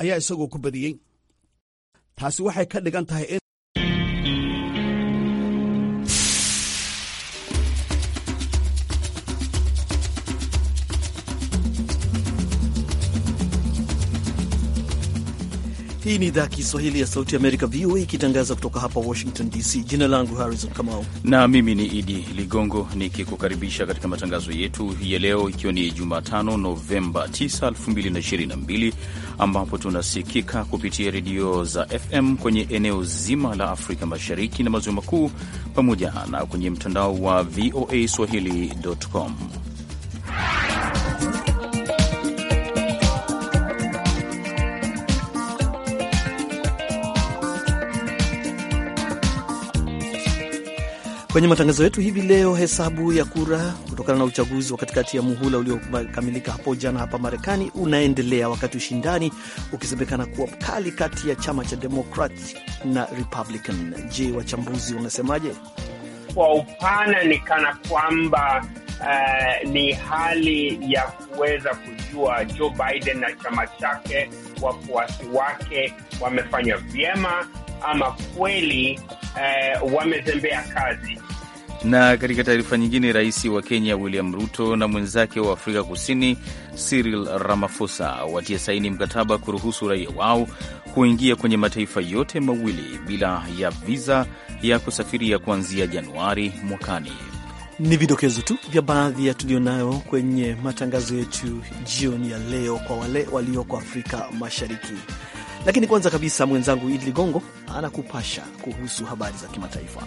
ayaa isagoo ku badiyey taasi waxay ka dhigan tahay Hii ni idhaa ya Kiswahili ya Sauti Amerika, VOA, ikitangaza kutoka hapa Washington DC. Jina langu Harrison Kamau na mimi ni Idi Ligongo nikikukaribisha katika matangazo yetu ya leo, ikiwa ni Jumatano Novemba 9, 2022 ambapo tunasikika kupitia redio za FM kwenye eneo zima la Afrika Mashariki na Maziwa Makuu, pamoja na kwenye mtandao wa VOA swahili.com. Kwenye matangazo yetu hivi leo, hesabu ya kura kutokana na uchaguzi wa katikati ya muhula uliokamilika hapo jana hapa Marekani unaendelea, wakati ushindani ukisemekana kuwa mkali kati ya chama cha Demokrat na Republican. Je, wachambuzi wanasemaje? Kwa upana ni kana kwamba uh, ni hali ya kuweza kujua Joe Biden na chama chake, wafuasi wake wamefanya vyema ama kweli eh, wamezembea kazi. Na katika taarifa nyingine, rais wa Kenya William Ruto na mwenzake wa Afrika Kusini Cyril Ramaphosa watia saini mkataba kuruhusu raia wao kuingia kwenye mataifa yote mawili bila ya viza ya kusafiria kuanzia Januari mwakani. Ni vidokezo tu vya baadhi ya tulionayo kwenye matangazo yetu jioni ya leo, kwa wale walioko Afrika Mashariki. Lakini kwanza kabisa mwenzangu Idi Ligongo anakupasha kuhusu habari za kimataifa.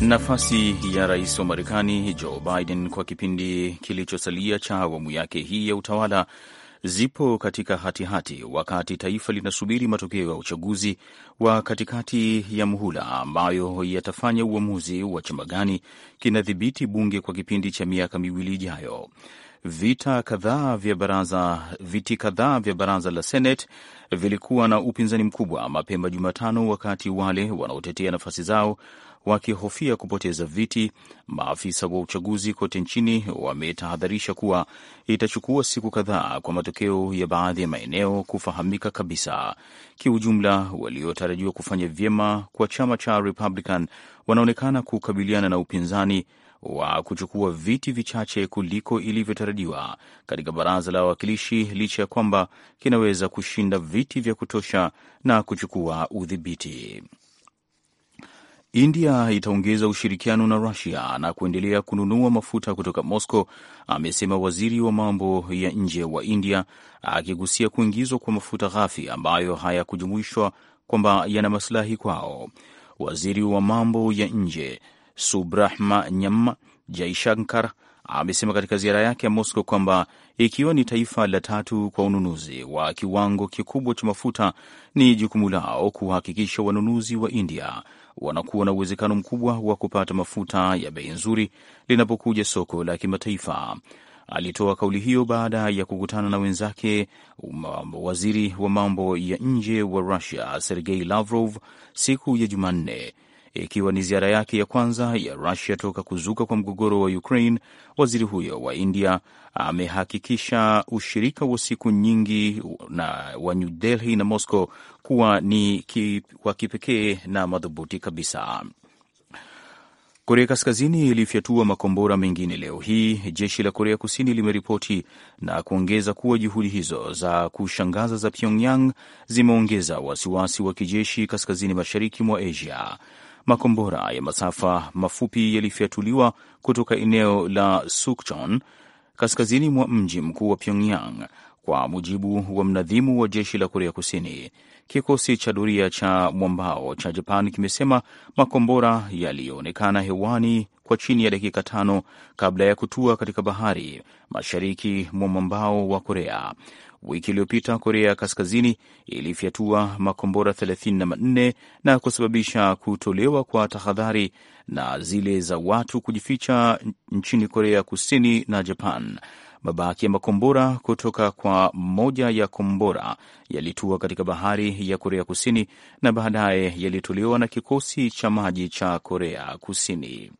Nafasi ya rais wa Marekani Joe Biden kwa kipindi kilichosalia cha awamu yake hii ya utawala zipo katika hatihati hati, wakati taifa linasubiri matokeo ya uchaguzi wa katikati ya muhula ambayo yatafanya uamuzi wa chama gani kinadhibiti bunge kwa kipindi cha miaka miwili ijayo. Vita kadhaa vya baraza, viti kadhaa vya baraza la Senate vilikuwa na upinzani mkubwa mapema Jumatano, wakati wale wanaotetea nafasi zao wakihofia kupoteza viti. Maafisa wa uchaguzi kote nchini wametahadharisha kuwa itachukua siku kadhaa kwa matokeo ya baadhi ya maeneo kufahamika kabisa. Kiujumla, waliotarajiwa kufanya vyema kwa chama cha Republican wanaonekana kukabiliana na upinzani wa kuchukua viti vichache kuliko ilivyotarajiwa katika baraza la wawakilishi, licha ya kwamba kinaweza kushinda viti vya kutosha na kuchukua udhibiti. India itaongeza ushirikiano na Rusia na kuendelea kununua mafuta kutoka Moscow, amesema waziri wa mambo ya nje wa India, akigusia kuingizwa kwa mafuta ghafi ambayo hayakujumuishwa kwamba yana masilahi kwao. Waziri wa mambo ya nje Subrahmanyam Jaishankar amesema katika ziara yake ya Moscow kwamba ikiwa ni taifa la tatu kwa ununuzi wa kiwango kikubwa cha mafuta, ni jukumu lao kuhakikisha wanunuzi wa India wanakuwa na uwezekano mkubwa wa kupata mafuta ya bei nzuri linapokuja soko la kimataifa. Alitoa kauli hiyo baada ya kukutana na wenzake waziri wa mambo ya nje wa Russia Sergei Lavrov siku ya Jumanne ikiwa ni ziara yake ya kwanza ya Rusia toka kuzuka kwa mgogoro wa Ukraine. Waziri huyo wa India amehakikisha ushirika wa siku nyingi na wa New Delhi na Moscow kuwa ni ki, wa kipekee na madhubuti kabisa. Korea Kaskazini ilifyatua makombora mengine leo hii, jeshi la Korea Kusini limeripoti na kuongeza kuwa juhudi hizo za kushangaza za Pyongyang zimeongeza wasiwasi wa kijeshi kaskazini mashariki mwa Asia makombora ya masafa mafupi yalifyatuliwa kutoka eneo la Sukchon kaskazini mwa mji mkuu wa Pyongyang, kwa mujibu wa mnadhimu wa jeshi la Korea Kusini. Kikosi cha doria cha mwambao cha Japan kimesema makombora yaliyoonekana hewani kwa chini ya dakika tano kabla ya kutua katika bahari mashariki mwa mwambao wa Korea. Wiki iliyopita Korea ya Kaskazini ilifyatua makombora 34 na kusababisha kutolewa kwa tahadhari na zile za watu kujificha nchini Korea Kusini na Japan. Mabaki ya makombora kutoka kwa moja ya kombora yalitua katika bahari ya Korea Kusini na baadaye yalitolewa na kikosi cha maji cha Korea Kusini.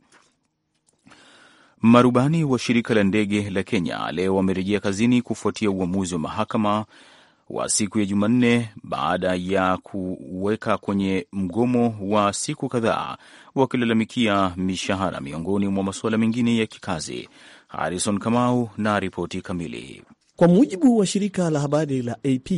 Marubani wa shirika la ndege la Kenya leo wamerejea kazini kufuatia uamuzi wa mahakama wa siku ya Jumanne baada ya kuweka kwenye mgomo wa siku kadhaa wakilalamikia mishahara miongoni mwa masuala mengine ya kikazi. Harrison Kamau na ripoti kamili. Kwa mujibu wa shirika la habari la AP,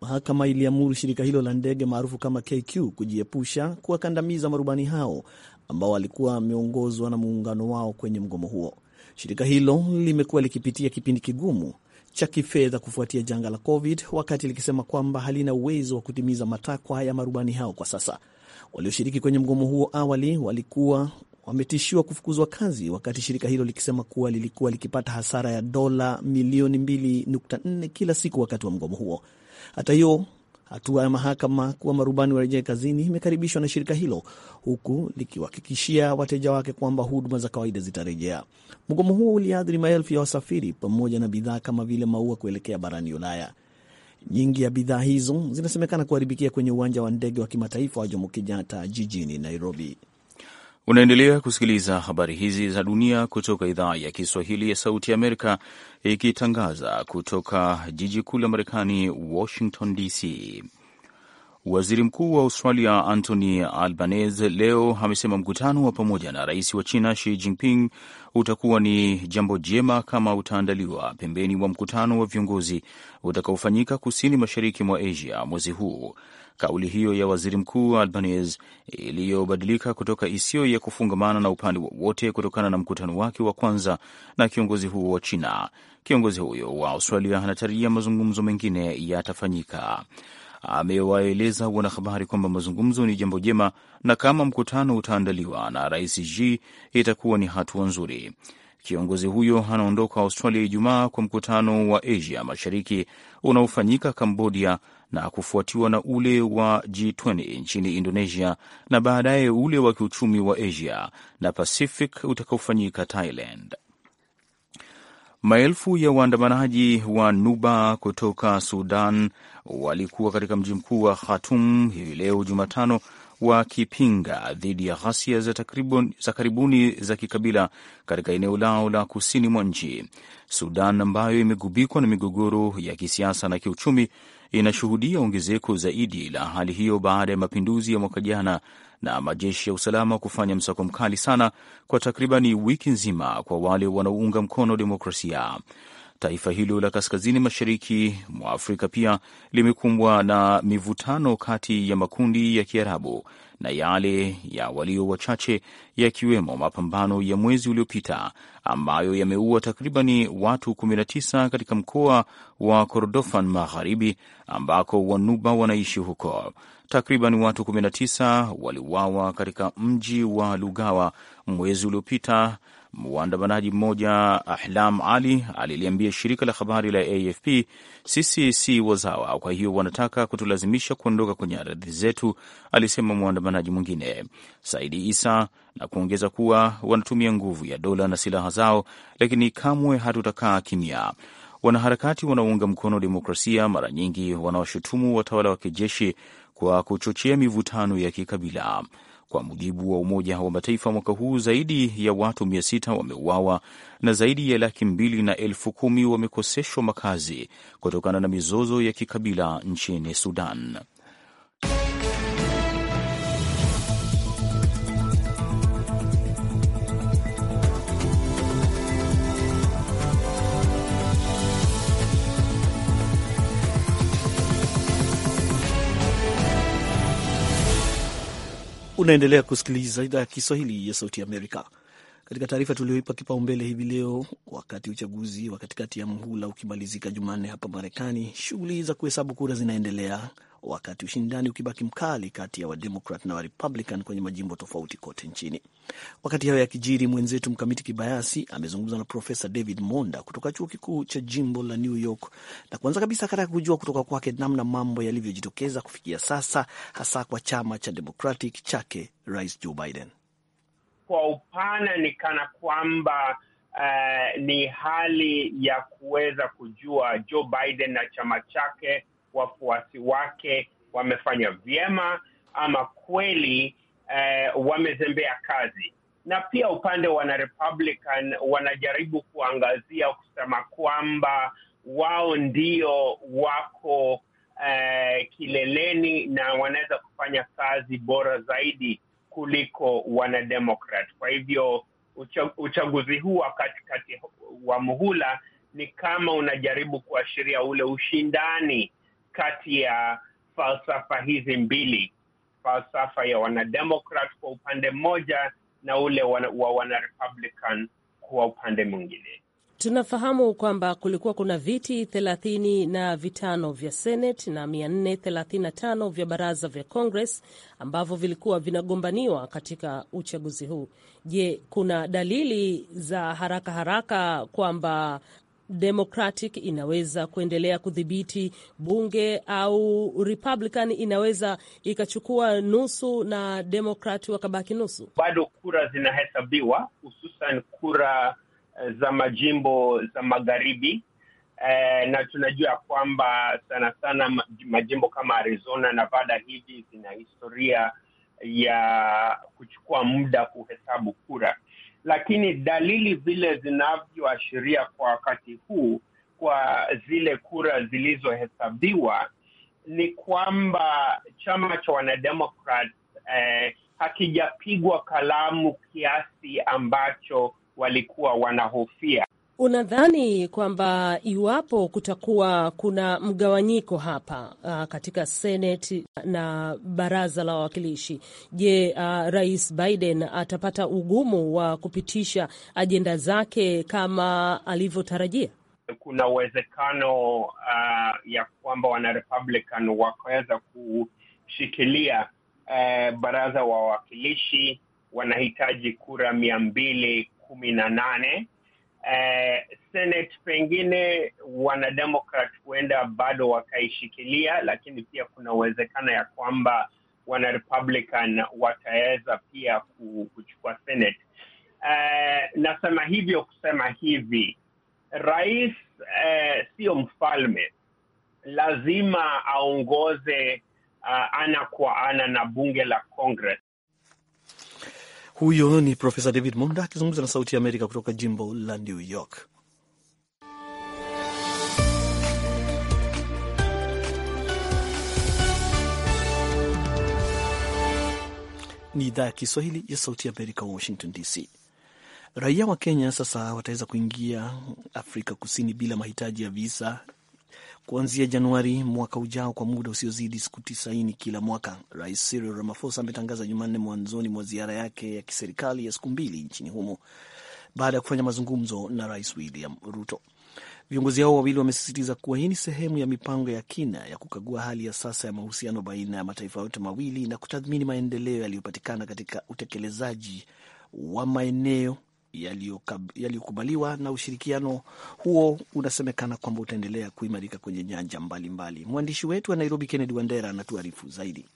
mahakama iliamuru shirika hilo la ndege maarufu kama KQ kujiepusha kuwakandamiza marubani hao ambao walikuwa wameongozwa na muungano wao kwenye mgomo huo. Shirika hilo limekuwa likipitia kipindi kigumu cha kifedha kufuatia janga la COVID, wakati likisema kwamba halina uwezo wa kutimiza matakwa ya marubani hao kwa sasa. Walioshiriki kwenye mgomo huo awali walikuwa wametishiwa kufukuzwa kazi, wakati shirika hilo likisema kuwa lilikuwa likipata hasara ya dola milioni 2.4 kila siku wakati wa mgomo huo. Hata hiyo Hatua ya mahakama kuwa marubani warejee kazini imekaribishwa na shirika hilo huku likiwahakikishia wateja wake kwamba huduma za kawaida zitarejea. Mgomo huo uliathiri maelfu ya wasafiri pamoja na bidhaa kama vile maua kuelekea barani Ulaya. Nyingi ya bidhaa hizo zinasemekana kuharibikia kwenye uwanja wa ndege wa kimataifa wa Jomo Kenyatta jijini Nairobi. Unaendelea kusikiliza habari hizi za dunia kutoka idhaa ya Kiswahili ya Sauti ya Amerika, ikitangaza kutoka jiji kuu la Marekani, Washington DC. Waziri Mkuu wa Australia Anthony Albanese leo amesema mkutano wa pamoja na rais wa China Xi Jinping utakuwa ni jambo jema kama utaandaliwa pembeni mwa mkutano wa viongozi utakaofanyika kusini mashariki mwa Asia mwezi huu. Kauli hiyo ya waziri mkuu Albanese iliyobadilika kutoka isiyo ya kufungamana na upande wowote kutokana na mkutano wake wa kwanza na kiongozi huo wa China. Kiongozi huyo wa Australia anatarajia mazungumzo mengine yatafanyika ya amewaeleza wanahabari kwamba mazungumzo ni jambo jema na kama mkutano utaandaliwa na Rais Xi itakuwa ni hatua nzuri. Kiongozi huyo anaondoka Australia Ijumaa kwa mkutano wa Asia Mashariki unaofanyika Kambodia na kufuatiwa na ule wa G20 nchini Indonesia na baadaye ule wa kiuchumi wa Asia na Pacific utakaofanyika Thailand. Maelfu ya waandamanaji wa Nuba kutoka Sudan walikuwa katika mji mkuu wa Khartoum hivi leo Jumatano wakipinga dhidi ya ghasia za, za karibuni za kikabila katika eneo lao la kusini mwa nchi. Sudan ambayo imegubikwa na migogoro ya kisiasa na kiuchumi inashuhudia ongezeko zaidi la hali hiyo baada ya mapinduzi ya mwaka jana na majeshi ya usalama kufanya msako mkali sana kwa takribani wiki nzima kwa wale wanaounga mkono demokrasia. Taifa hilo la kaskazini mashariki mwa Afrika pia limekumbwa na mivutano kati ya makundi ya Kiarabu na yale ya walio wachache, yakiwemo mapambano ya mwezi uliopita ambayo yameua takribani watu 19 katika mkoa wa Kordofan Magharibi, ambako Wanuba wanaishi huko. Takriban watu 19 waliuawa katika mji wa Lugawa mwezi uliopita Mwandamanaji mmoja Ahlam Ali aliliambia shirika la habari la AFP, sisi si wazawa, kwa hiyo wanataka kutulazimisha kuondoka kwenye ardhi zetu, alisema mwandamanaji mwingine Saidi Isa, na kuongeza kuwa wanatumia nguvu ya dola na silaha zao, lakini kamwe hatutakaa kimya. Wanaharakati wanaounga mkono demokrasia mara nyingi wanawashutumu watawala wa kijeshi kwa kuchochea mivutano ya kikabila. Kwa mujibu wa Umoja wa Mataifa, mwaka huu zaidi ya watu mia sita wameuawa na zaidi ya laki mbili na elfu kumi wamekoseshwa makazi kutokana na mizozo ya kikabila nchini Sudan. Unaendelea kusikiliza idhaa ya Kiswahili ya Sauti Amerika. Katika taarifa tulioipa kipaumbele hivi leo, wakati uchaguzi wa katikati ya mhula ukimalizika Jumanne hapa Marekani, shughuli za kuhesabu kura zinaendelea wakati ushindani ukibaki mkali kati ya Wademokrat na Warepublican kwenye majimbo tofauti kote nchini. Wakati hayo yakijiri, mwenzetu Mkamiti Kibayasi amezungumza na Profesa David Monda kutoka chuo kikuu cha jimbo la New York, na kwanza kabisa akataka kujua kutoka kwake namna mambo yalivyojitokeza kufikia sasa, hasa kwa chama cha Democratic chake Rais Joe Biden. Kwa upana ni kana kwamba uh, ni hali ya kuweza kujua Joe Biden na chama chake wafuasi wake wamefanya vyema ama kweli eh, wamezembea kazi. Na pia upande wa Republican wanajaribu kuangazia kusema kwamba wao ndio wako eh, kileleni na wanaweza kufanya kazi bora zaidi kuliko wanademokrat. Kwa hivyo uchaguzi huu wa katikati wa muhula ni kama unajaribu kuashiria ule ushindani kati ya falsafa hizi mbili, falsafa ya wanademokrat kwa upande mmoja na ule wana, wa wanarepublican kwa upande mwingine. Tunafahamu kwamba kulikuwa kuna viti thelathini na vitano vya Senate na tano vya baraza vya Congress ambavyo vilikuwa vinagombaniwa katika uchaguzi huu. Je, kuna dalili za haraka haraka kwamba Democratic inaweza kuendelea kudhibiti bunge au Republican inaweza ikachukua nusu na Democrat wakabaki nusu. Bado kura zinahesabiwa, hususan kura eh, za majimbo za magharibi. Eh, na tunajua kwamba sana sana majimbo kama Arizona, Nevada hivi zina historia ya kuchukua muda kuhesabu kura lakini dalili vile zinavyoashiria kwa wakati huu kwa zile kura zilizohesabiwa ni kwamba chama cha wanademokrat eh, hakijapigwa kalamu kiasi ambacho walikuwa wanahofia. Unadhani kwamba iwapo kutakuwa kuna mgawanyiko hapa uh, katika Seneti na baraza la wawakilishi, je, uh, Rais Biden atapata ugumu wa kupitisha ajenda zake kama alivyotarajia? Kuna uwezekano uh, ya kwamba wanarepublican wakaweza kushikilia uh, baraza wa wawakilishi. Wanahitaji kura mia mbili kumi na nane eh, Senate pengine wanademokrat huenda bado wakaishikilia, lakini pia kuna uwezekano ya kwamba wanarepublican wataweza pia kuchukua Senate. Eh, nasema hivyo kusema hivi, rais eh, sio mfalme, lazima aongoze uh, ana kwa ana na bunge la Congress huyo ni Profesa David Monda akizungumza na Sauti ya Amerika kutoka jimbo la New York. Ni idhaa ya Kiswahili ya Sauti ya Amerika, Washington DC. Raia wa Kenya sasa wataweza kuingia Afrika Kusini bila mahitaji ya visa kuanzia Januari mwaka ujao kwa muda usiozidi siku tisaini kila mwaka. Rais Cyril Ramaphosa ametangaza Jumanne mwanzoni mwa ziara yake ya kiserikali ya siku mbili nchini humo baada ya kufanya mazungumzo na Rais William Ruto. Viongozi hao wawili wamesisitiza kuwa hii ni sehemu ya mipango ya kina ya kukagua hali ya sasa ya mahusiano baina ya mataifa yote mawili na kutathmini maendeleo yaliyopatikana katika utekelezaji wa maeneo yaliyokubaliwa na ushirikiano huo unasemekana kwamba utaendelea kuimarika kwenye nyanja mbalimbali. Mwandishi wetu wa Nairobi, Kennedy Wandera, anatuarifu zaidi.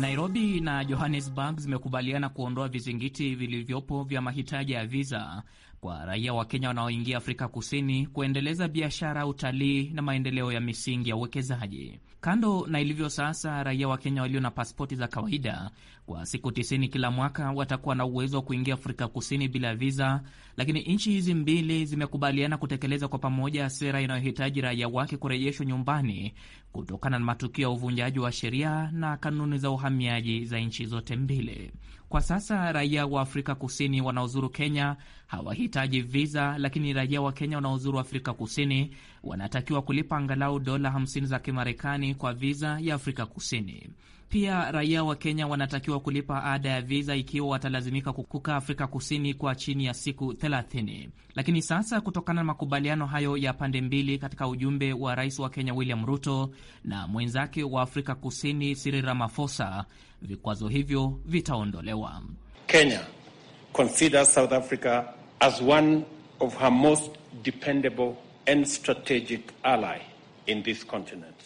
Nairobi na Johannesburg zimekubaliana kuondoa vizingiti vilivyopo vya mahitaji ya viza kwa raia wa Kenya wanaoingia Afrika Kusini kuendeleza biashara, utalii na maendeleo ya misingi ya uwekezaji. Kando na ilivyo sasa, raia wa Kenya walio na pasipoti za kawaida kwa siku tisini kila mwaka watakuwa na uwezo wa kuingia Afrika Kusini bila viza, lakini nchi hizi mbili zimekubaliana kutekeleza kwa pamoja sera inayohitaji raia wake kurejeshwa nyumbani kutokana na matukio ya uvunjaji wa sheria na kanuni za uhamiaji za nchi zote mbili. Kwa sasa raia wa Afrika Kusini wanaozuru Kenya hawahitaji viza, lakini raia wa Kenya wanaozuru Afrika Kusini wanatakiwa kulipa angalau dola 50 za Kimarekani kwa viza ya Afrika Kusini. Pia raia wa Kenya wanatakiwa kulipa ada ya viza ikiwa watalazimika kukaa Afrika Kusini kwa chini ya siku 30. Lakini sasa kutokana na makubaliano hayo ya pande mbili, katika ujumbe wa rais wa Kenya William Ruto na mwenzake wa Afrika Kusini Cyril Ramaphosa, vikwazo hivyo vitaondolewa. Kenya considers South Africa as one of her most dependable and strategic ally in this continent.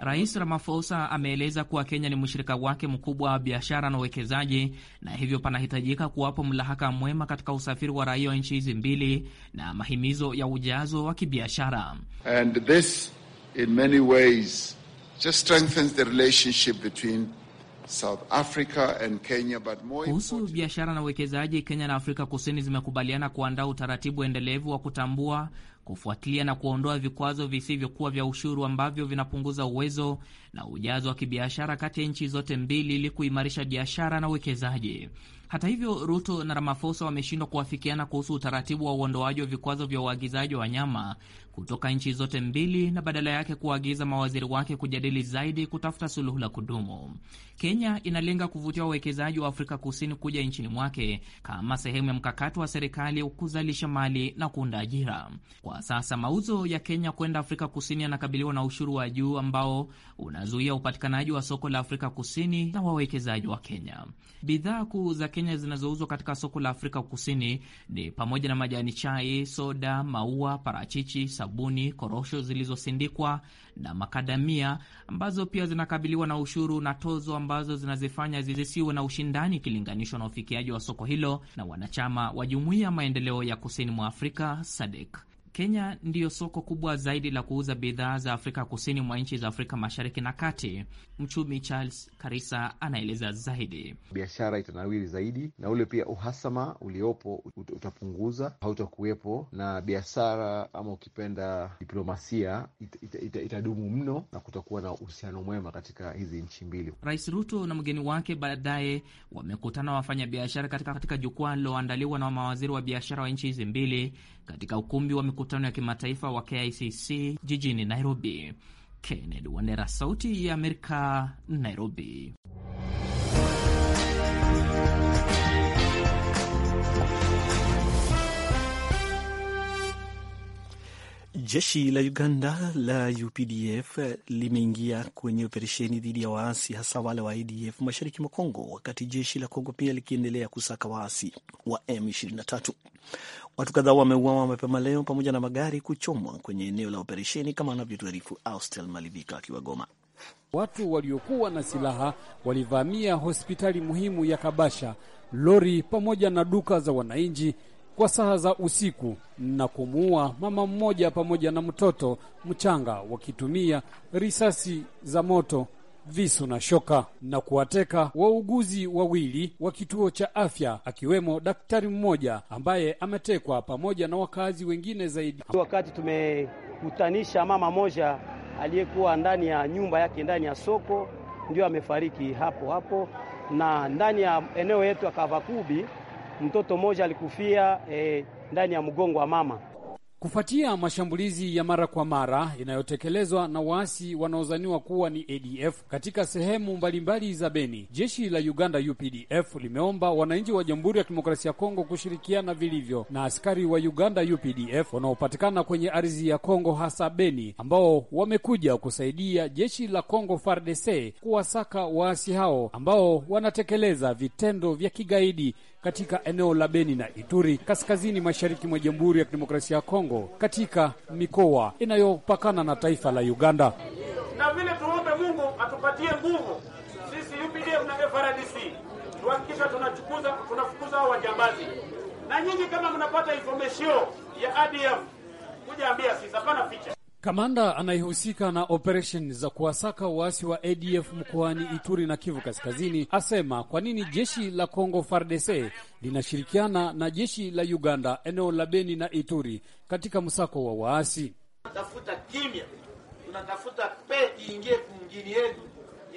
Rais Ramaphosa ameeleza kuwa Kenya ni mshirika wake mkubwa wa biashara na uwekezaji, na hivyo panahitajika kuwapo mlahaka mwema katika usafiri wa raia wa nchi hizi mbili na mahimizo ya ujazo wa kibiashara. Kuhusu biashara na uwekezaji, Kenya na Afrika Kusini zimekubaliana kuandaa utaratibu endelevu wa kutambua kufuatilia na kuondoa vikwazo visivyokuwa vya ushuru ambavyo vinapunguza uwezo na ujazo wa kibiashara kati ya nchi zote mbili ili kuimarisha biashara na uwekezaji. Hata hivyo, Ruto na Ramaphosa wameshindwa kuafikiana kuhusu utaratibu wa uondoaji wa vikwazo vya uagizaji wa nyama kutoka nchi zote mbili na badala yake kuagiza mawaziri wake kujadili zaidi kutafuta suluhu la kudumu. Kenya inalenga kuvutia wawekezaji wa Afrika Kusini kuja nchini mwake kama sehemu ya mkakati wa serikali kuzalisha mali na kuunda ajira. Kwa sasa mauzo ya Kenya kwenda Afrika Kusini yanakabiliwa na ushuru wa juu ambao unazuia upatikanaji wa soko la Afrika Kusini na wawekezaji wa Kenya. Bidhaa kuu za Kenya zinazouzwa katika soko la Afrika Kusini ni pamoja na majani chai, soda, maua, parachichi, sabuni, korosho zilizosindikwa na makadamia, ambazo pia zinakabiliwa na ushuru na tozo ambazo zinazifanya zisiwe na ushindani ikilinganishwa na ufikiaji wa soko hilo na wanachama wa Jumuiya ya Maendeleo ya Kusini mwa Afrika SADC. Kenya ndiyo soko kubwa zaidi la kuuza bidhaa za Afrika kusini mwa nchi za Afrika mashariki na kati. Mchumi Charles Karisa anaeleza zaidi. Biashara itanawiri zaidi, na ule pia uhasama uliopo utapunguza, hautakuwepo na biashara ama ukipenda diplomasia itadumu ita, ita, itadumu mno na kutakuwa na uhusiano mwema katika hizi nchi mbili. Rais Ruto na mgeni wake baadaye wamekutana wafanyabiashara katika, katika jukwaa liloandaliwa na mawaziri wa biashara wa nchi hizi mbili katika ukumbi wa mikutano mkutano ya kimataifa wa KICC jijini Nairobi. Kennedy Wandera, Sauti ya Amerika, Nairobi. Jeshi la Uganda la UPDF limeingia kwenye operesheni dhidi ya waasi hasa wale wa ADF mashariki mwa Kongo, wakati jeshi la Kongo pia likiendelea kusaka waasi wa M23. Watu kadhaa wameuawa mapema leo pamoja na magari kuchomwa kwenye eneo la operesheni, kama anavyotuarifu Austel Malivika akiwa Goma. Watu waliokuwa na silaha walivamia hospitali muhimu ya Kabasha, lori pamoja na duka za wananchi kwa saa za usiku na kumuua mama mmoja pamoja na mtoto mchanga wakitumia risasi za moto visu na shoka na kuwateka wauguzi wawili wa kituo cha afya akiwemo daktari mmoja ambaye ametekwa pamoja na wakazi wengine zaidi. Wakati tumekutanisha mama moja aliyekuwa ndani ya nyumba yake ndani ya soko, ndio amefariki hapo hapo, na ndani ya eneo yetu ya Kavakubi mtoto mmoja alikufia eh, ndani ya mgongo wa mama Kufuatia mashambulizi ya mara kwa mara inayotekelezwa na waasi wanaozaniwa kuwa ni ADF katika sehemu mbalimbali za Beni, jeshi la Uganda UPDF limeomba wananchi wa Jamhuri ya Kidemokrasia ya Kongo kushirikiana vilivyo na askari wa Uganda UPDF wanaopatikana kwenye ardhi ya Kongo, hasa Beni, ambao wamekuja kusaidia jeshi la Kongo FARDC kuwasaka waasi hao ambao wanatekeleza vitendo vya kigaidi katika eneo la Beni na Ituri, kaskazini mashariki mwa Jamhuri ya Kidemokrasia ya Kongo, katika mikoa inayopakana na taifa la Uganda. Na vile tuombe Mungu atupatie nguvu sisi UPDF na FRDC, tuhakikisha tunachukuza tunafukuza hao wajambazi. Na nyinyi kama mnapata information ya ADF kuja ambia sisi, hapana picha Kamanda anayehusika na operesheni za kuwasaka waasi wa ADF mkoani Ituri na Kivu Kaskazini asema kwa nini jeshi la Kongo FARDC linashirikiana na jeshi la Uganda eneo la Beni na Ituri katika msako wa waasi. Tunatafuta kimya, tunatafuta peti ingie kumjini yetu.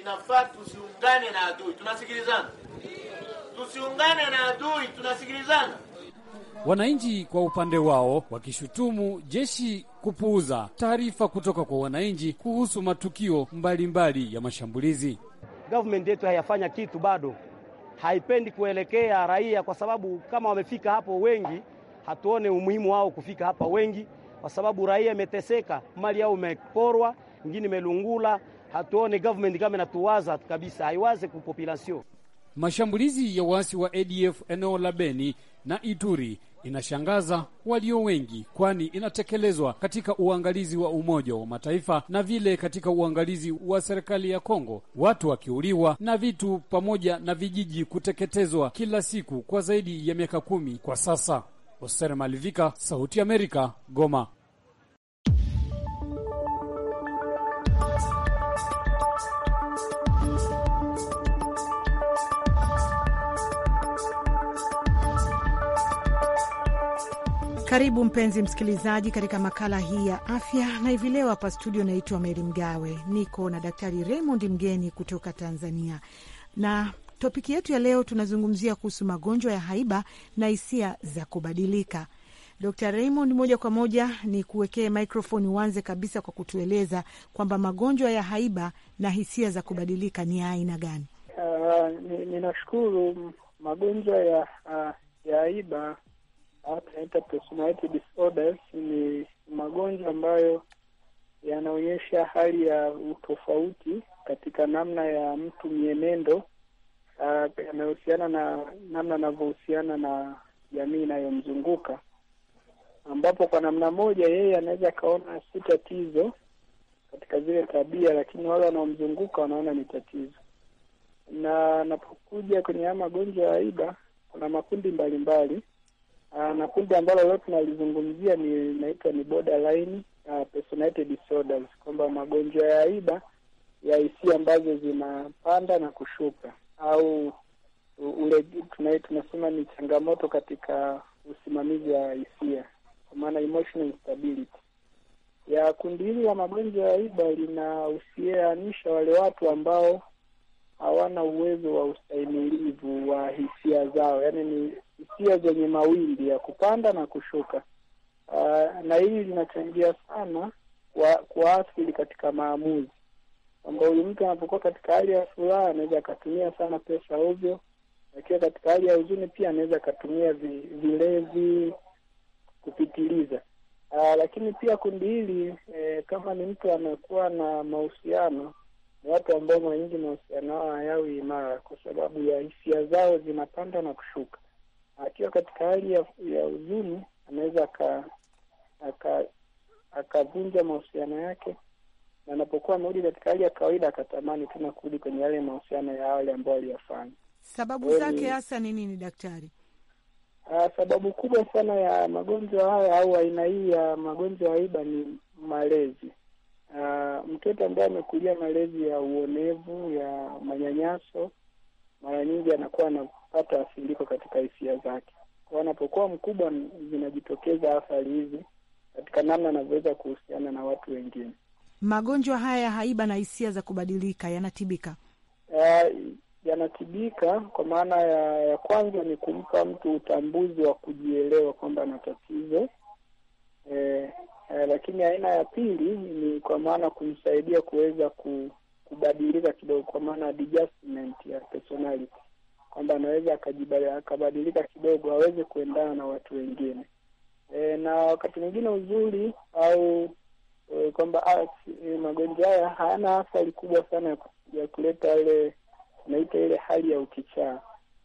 Inafaa tusiungane na adui, tunasikilizana, tusiungane na adui, tunasikilizana Wananchi kwa upande wao wakishutumu jeshi kupuuza taarifa kutoka kwa wananchi kuhusu matukio mbalimbali mbali ya mashambulizi. Government yetu hayafanya kitu bado, haipendi kuelekea raia, kwa sababu kama wamefika hapo wengi, hatuone umuhimu wao kufika hapa wengi, kwa sababu raia imeteseka, mali yao imeporwa, ingine imelungula. Hatuone government kama inatuwaza kabisa, haiwaze kupopulasio. Mashambulizi ya waasi wa ADF eneo la Beni na Ituri inashangaza walio wengi, kwani inatekelezwa katika uangalizi wa Umoja wa Mataifa na vile katika uangalizi wa serikali ya Kongo, watu wakiuliwa na vitu pamoja na vijiji kuteketezwa kila siku kwa zaidi ya miaka kumi kwa sasa. hoser Malivika, Sauti Amerika, Goma. Karibu mpenzi msikilizaji, katika makala hii ya afya, na hivi leo hapa studio naitwa Meri Mgawe, niko na Daktari Raymond mgeni kutoka Tanzania, na topiki yetu ya leo tunazungumzia kuhusu magonjwa ya haiba na hisia za kubadilika. Dr Raymond, moja kwa moja ni kuwekee mikrofoni, uanze kabisa kwa kutueleza kwamba magonjwa ya haiba na hisia za kubadilika ni ya aina gani? Uh, ninashukuru. Magonjwa ya, uh, ya haiba tunaita personality disorders, ni magonjwa ambayo yanaonyesha hali ya utofauti katika namna ya mtu, mienendo ah, yanayohusiana na namna anavyohusiana na jamii inayomzunguka ambapo kwa namna moja yeye anaweza akaona si tatizo katika zile tabia, lakini wale wanaomzunguka wanaona ni tatizo. Na anapokuja kwenye haya magonjwa ya aiba, kuna makundi mbalimbali Uh, na kundi ambalo leo tunalizungumzia ni inaitwa ni borderline uh, personality disorders, kwamba magonjwa ya iba ya hisia ambazo zinapanda na kushuka au ule tunasema ni changamoto katika usimamizi wa hisia kwa maana emotional instability. Ya kundi hili la magonjwa ya iba linahusianisha wale watu ambao hawana uwezo wa ustahimilivu wa hisia zao, yaani ni hisia zenye mawimbi ya kupanda na kushuka. Uh, na hili linachangia sana kwa kuathiri katika maamuzi, kwamba huyu mtu anapokuwa katika hali ya furaha anaweza akatumia sana pesa ovyo, akiwa katika hali ya huzuni pia anaweza akatumia vilevi kupitiliza. Uh, lakini pia kundi hili eh, kama ni mtu anakuwa na mahusiano ni watu ambao mara nyingi mahusiano ao hayawi imara, kwa sababu ya hisia zao zinapanda na kushuka akiwa katika hali ya, ya huzuni anaweza akavunja mahusiano yake, na anapokuwa amerudi katika hali ya kawaida akatamani tena kurudi kwenye yale mahusiano ya awali ambayo aliyafanya. Sababu Weni, zake hasa ni nini daktari? Aa, ah, sababu kubwa sana ya magonjwa haya au aina hii ya magonjwa ya iba ni malezi. Aa, ah, mtoto ambaye amekulia malezi ya uonevu, ya manyanyaso mara nyingi anakuwa anapata asiliko katika hisia zake. Kwa anapokuwa mkubwa, zinajitokeza athari hizi katika namna anavyoweza kuhusiana na watu wengine. Magonjwa haya ya haiba na hisia za kubadilika yanatibika? Uh, yanatibika kwa maana ya, ya kwanza ni kumpa mtu utambuzi wa kujielewa kwamba ana tatizo eh, eh, lakini aina ya pili ni kwa maana kumsaidia kuweza ku kubadilika kidogo, kwa maana adjustment ya personality, kwamba anaweza akabadilika kidogo aweze kuendana na watu wengine e, na wakati mwingine uzuri au e, kwamba ah, e, magonjwa haya hayana athari kubwa sana ya kuleta ile naita ile hali ya ukichaa,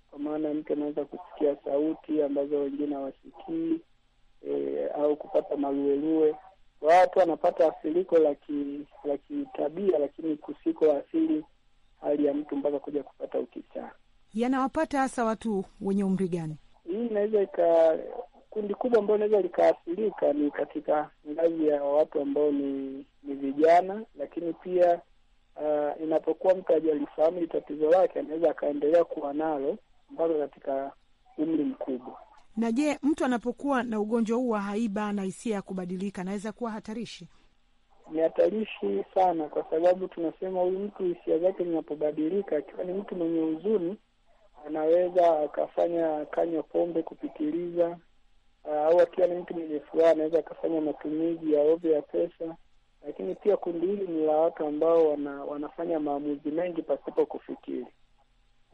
kwa maana mtu anaweza kusikia sauti ambazo wengine hawasikii e, au kupata maluelue watu wanapata asiliko la kitabia, lakini kusiko asili hali ya mtu mpaka kuja kupata ukichaa. Yanawapata hasa watu wenye umri gani? Hii inaweza ika kundi kubwa ambayo inaweza likaathirika ni katika ngazi ya watu ambao ni ni vijana, lakini pia uh, inapokuwa mtu hajalifahamu tatizo lake anaweza akaendelea kuwa nalo mpaka katika umri mkubwa. Na je, mtu anapokuwa na ugonjwa huu wa haiba na hisia ya kubadilika anaweza kuwa hatarishi? Ni hatarishi sana, kwa sababu tunasema huyu mtu hisia zake zinapobadilika, akiwa ni mtu mwenye huzuni, anaweza akafanya kanywa pombe kupitiliza, au akiwa ni mtu mwenye furaha, anaweza akafanya matumizi ya ovyo ya pesa lakini pia kundi hili ni la watu ambao wana, wanafanya maamuzi mengi pasipo kufikiri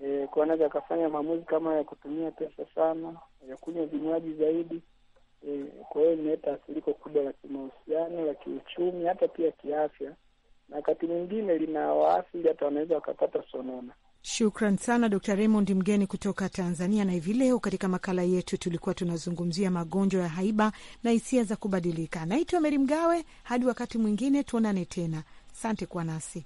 e, kwa anaweza akafanya maamuzi kama ya kutumia pesa sana, ya kunywa vinywaji zaidi e, kwa hiyo inaleta asiliko kubwa la kimahusiano, la kiuchumi, hata pia kiafya, na wakati mwingine linawaathiri hata wanaweza wakapata sonona. Shukran sana Dr Raymond Mgeni kutoka Tanzania. Na hivi leo katika makala yetu tulikuwa tunazungumzia magonjwa ya haiba na hisia za kubadilika. Naitwa Meri Mgawe, hadi wakati mwingine tuonane tena. Asante kwa nasi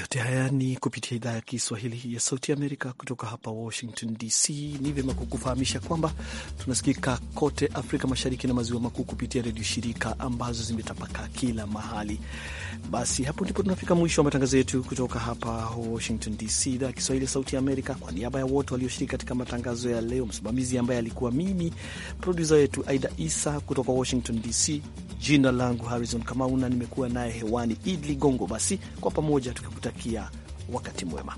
Yote haya ni kupitia idhaa ya Kiswahili ya Sauti Amerika kutoka hapa Washington DC. Ni vyema kukufahamisha kwamba tunasikika kote Afrika Mashariki na Maziwa Makuu kupitia redio shirika ambazo zimetapakaa kila mahali. Basi hapo ndipo tunafika mwisho wa matangazo yetu kutoka hapa Washington DC, idhaa ya Kiswahili ya Sauti Amerika. Kwa niaba ya wote walioshiriki katika matangazo ya leo, msimamizi ambaye alikuwa mimi, produsa yetu Aida Isa kutoka Washington DC. Jina langu Harrison Kamau na nimekuwa naye hewani Idli Gongo. Basi kwa pamoja tuki kukutakia wakati mwema.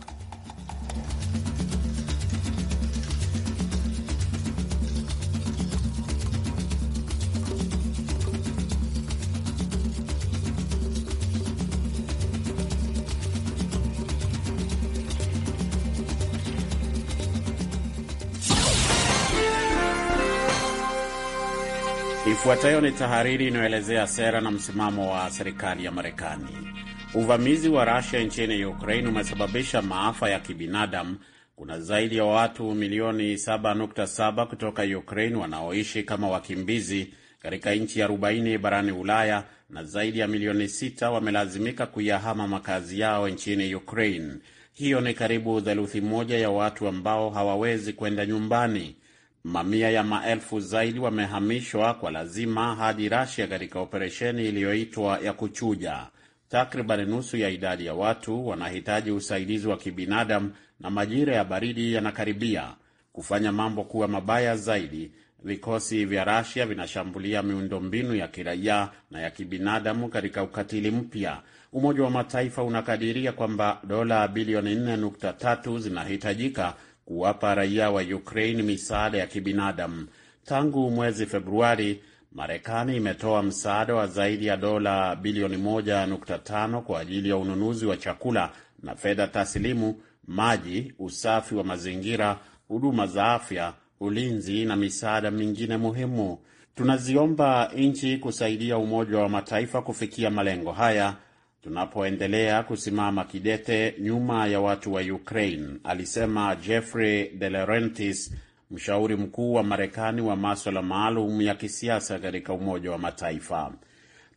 Ifuatayo ni tahariri inayoelezea sera na msimamo wa serikali ya Marekani. Uvamizi wa Rusia nchini Ukraine umesababisha maafa ya kibinadamu. Kuna zaidi ya watu milioni 7.7 kutoka Ukraine wanaoishi kama wakimbizi katika nchi 40 barani Ulaya na zaidi ya milioni 6 wamelazimika kuyahama makazi yao nchini Ukraine. Hiyo ni karibu theluthi moja ya watu ambao hawawezi kwenda nyumbani. Mamia ya maelfu zaidi wamehamishwa kwa lazima hadi Rasia katika operesheni iliyoitwa ya kuchuja. Takriban nusu ya idadi ya watu wanahitaji usaidizi wa kibinadamu, na majira ya baridi yanakaribia kufanya mambo kuwa mabaya zaidi. Vikosi vya Rasia vinashambulia miundombinu ya kiraia na ya kibinadamu katika ukatili mpya. Umoja wa Mataifa unakadiria kwamba dola bilioni 4.3 zinahitajika kuwapa raia wa ukrain misaada ya kibinadamu. Tangu mwezi Februari, Marekani imetoa msaada wa zaidi ya dola bilioni 1.5 kwa ajili ya ununuzi wa chakula na fedha taslimu, maji, usafi wa mazingira, huduma za afya, ulinzi na misaada mingine muhimu. Tunaziomba nchi kusaidia Umoja wa Mataifa kufikia malengo haya tunapoendelea kusimama kidete nyuma ya watu wa Ukraine, alisema Jeffrey De Laurentiis, mshauri mkuu wa Marekani wa maswala maalum ya kisiasa katika Umoja wa Mataifa.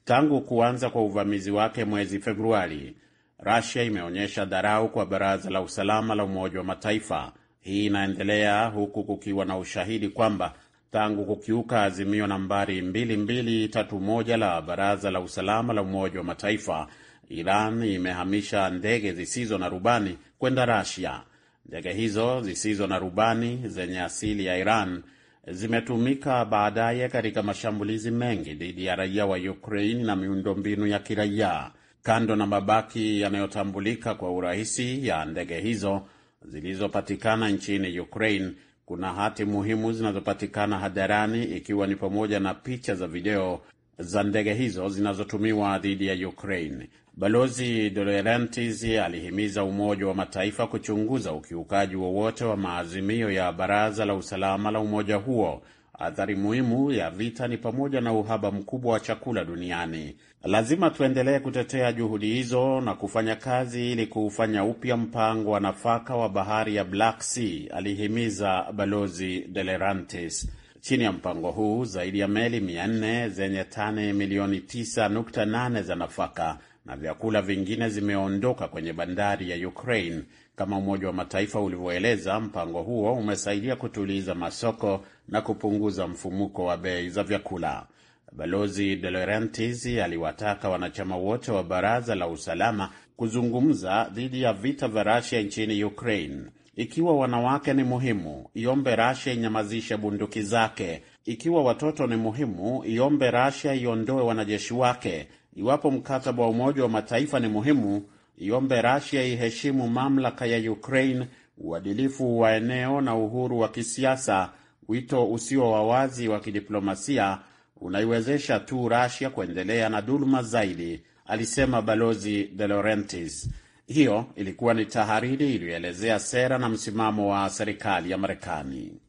Tangu kuanza kwa uvamizi wake mwezi Februari, Rusia imeonyesha dharau kwa Baraza la Usalama la Umoja wa Mataifa. Hii inaendelea huku kukiwa na ushahidi kwamba tangu kukiuka azimio nambari 2231 la Baraza la Usalama la Umoja wa Mataifa, Iran imehamisha ndege zisizo na rubani kwenda Rusia Ndege hizo zisizo na rubani zenye asili ya Iran zimetumika baadaye katika mashambulizi mengi dhidi ya raia wa Ukraine na miundombinu ya kiraia. Kando na mabaki yanayotambulika kwa urahisi ya ndege hizo zilizopatikana nchini Ukraine, kuna hati muhimu zinazopatikana hadharani, ikiwa ni pamoja na picha za video za ndege hizo zinazotumiwa dhidi ya Ukraine. Balozi Dolorantis alihimiza Umoja wa Mataifa kuchunguza ukiukaji wowote wa, wa maazimio ya Baraza la Usalama la umoja huo. Athari muhimu ya vita ni pamoja na uhaba mkubwa wa chakula duniani. Lazima tuendelee kutetea juhudi hizo na kufanya kazi ili kuufanya upya mpango wa nafaka wa bahari ya Black Sea, alihimiza Balozi Delerantis. Chini ya mpango huu, zaidi ya meli 400 zenye tani milioni 9.8 za nafaka na vyakula vingine zimeondoka kwenye bandari ya Ukraine. Kama Umoja wa Mataifa ulivyoeleza, mpango huo umesaidia kutuliza masoko na kupunguza mfumuko wa bei za vyakula. Balozi De Laurentiis aliwataka wanachama wote wa Baraza la Usalama kuzungumza dhidi ya vita vya Rusia nchini Ukraine. Ikiwa wanawake ni muhimu, iombe Rusia inyamazishe bunduki zake. Ikiwa watoto ni muhimu, iombe Rusia iondoe wanajeshi wake iwapo mkataba wa Umoja wa Mataifa ni muhimu, iombe Rasia iheshimu mamlaka ya Ukraine, uadilifu wa eneo na uhuru wa kisiasa. Wito usio wa wazi wa kidiplomasia unaiwezesha tu Rasia kuendelea na dhuluma zaidi, alisema Balozi De Laurentis. Hiyo ilikuwa ni tahariri iliyoelezea sera na msimamo wa serikali ya Marekani.